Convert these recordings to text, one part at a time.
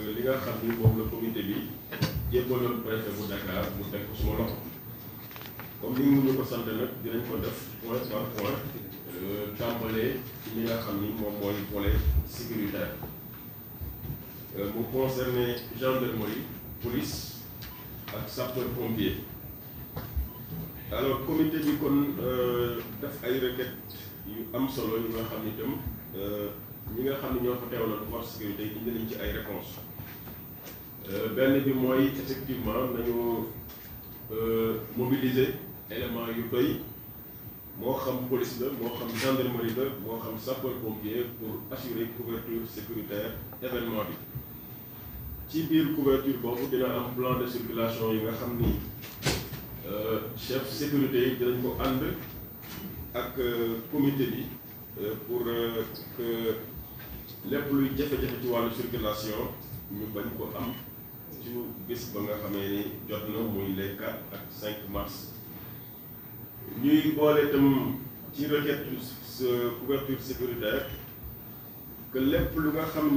li nga xam ni moom la comité bi jébbaloon préfet bu Dakar mu teg ko suma loxo comme ni ñu ko sant nag dinañ ko def point par point euh, tàmbalee ci li nga xam ni moom mooy volet sécuritaire euh, mu concerné gendarmerie police ak sapeur pompier alors comité bi kon euh, def ay requêtes yu am solo yu nga xam ni tam euh, ñi nga xam ne ñoo fa teewaloon force day indi nañ ci ay réponses euh, benn bi mooy effectivement nañu euh, mobiliser éléments yu doy moo xam police la moo xam gendarmerie la moo xam sapeur pompier pour assurer couverture sécuritaire événement bi ci biir couverture boobu dina am plan de circulation yi nga xam ni chef sécurité dinañ ko ànd ak comité bi. Euh, pour euh, que les pluies qui ont fait la circulation ne soient pas les 4 à 5 mars. Nous avons dit que nous avons fait la couverture sécuritaire. Que les pluies qui ont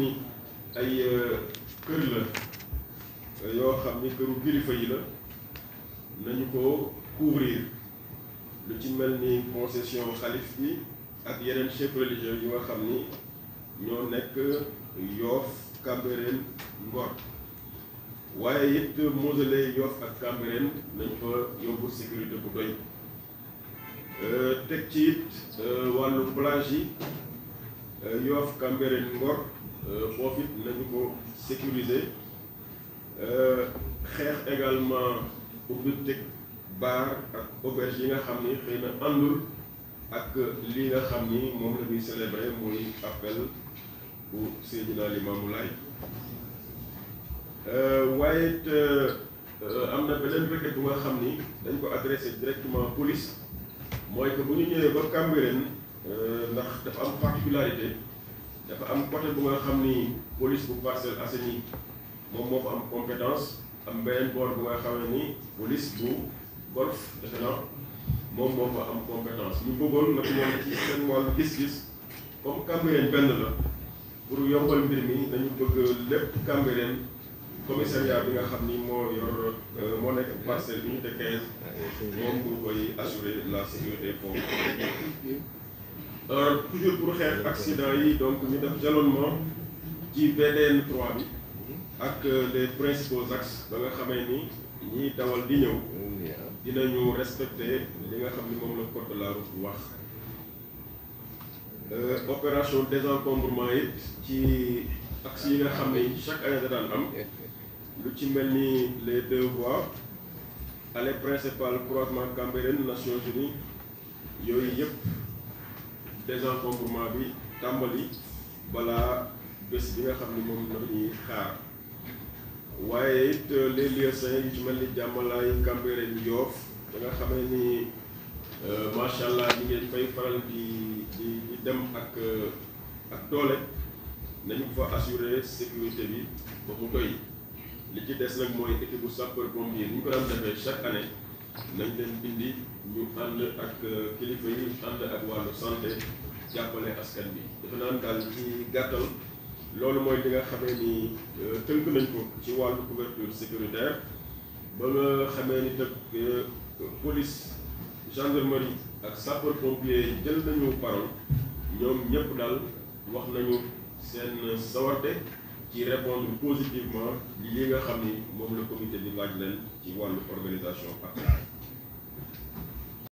fait la circulation ne soient pas les couvertures. Nous avons fait la concession de la Khalifi ak yeneen chef religieux yi nga xam ni ñoo nekk Yoff Cambérène Ngor waaye it mausolée Yoff ak Cambérène nañ fa yóbbu sécurité bu doy euh, teg ci it euh, wàllu plage yi euh, Yoff Cambérène Ngor foofu it nañu ko sécuriser xeex également ubbi teg bar ak auberge yi nga xam ni xëy na àndul ak lii nga xam ni moom la ñuy célébrer muy appel bu Seydina Limaamu Laay euh, waaye euh, am na beneen requête bu nga xam ni dañ ko adressé directement police mooy que bu ñu ñëwee ba Cambérène euh, ndax dafa am particularité dafa am côté bu nga xam ni police bu Parcelles Assainies moom moo fa am compétence am beneen boor bu nga xam ne ni police bu golf defe moom moo fa am compétence ñu bëggoon nag moom ci seen wàllu gis-gis comme Cambérène benn la pour yombal mbir mi dañu bëgg lépp Cambérène commissariat bi nga xam ni moo yor euh, moo nekk parcelle unité 15 moom pour koy assurer la sécurité foofu alors toujours pour xeex accident yi donc ñu def jalonnement ci BDN 3 bi ak euh, les principaux axes ba nga xamee ni ñi dawal di ñëw dinañu respecter li nga xam ni moom la code de la route wax euh, opération désencombrement yi ci axes yi nga xam chaque année da daan am lu ci mel les deux voies allée principale croisement Cambérène Nations Unies yooyu yëpp désencombrement bi tàmbali balaa bés bi nga xam ni moom la ñuy xaar. waaye it les lieux saint yi ci mel ni jàmbalaay kambéere njoof ba nga xamee ni euh, macha allah ñu ngeen fay faral di di dem ak euh, ak doole nañu fa assuré sécurité bi ba mu doy li ci des nag mooy équipe bu sapeur pompier ñu ko daan defee chaque année nañ leen bindi ñu ànd ak euh, kilifa yi ànd ak wàllu santé jàppale askan bi dafa naan daal ci gàttal loolu mooy li nga ni euh, couverture sécuritaire ba nga xamee ni la euh, police gendarmerie ak sapeur pompier jël nañu parole wax nañu ci répondre positivement li nga comité bi laaj leen ci wàllu organisation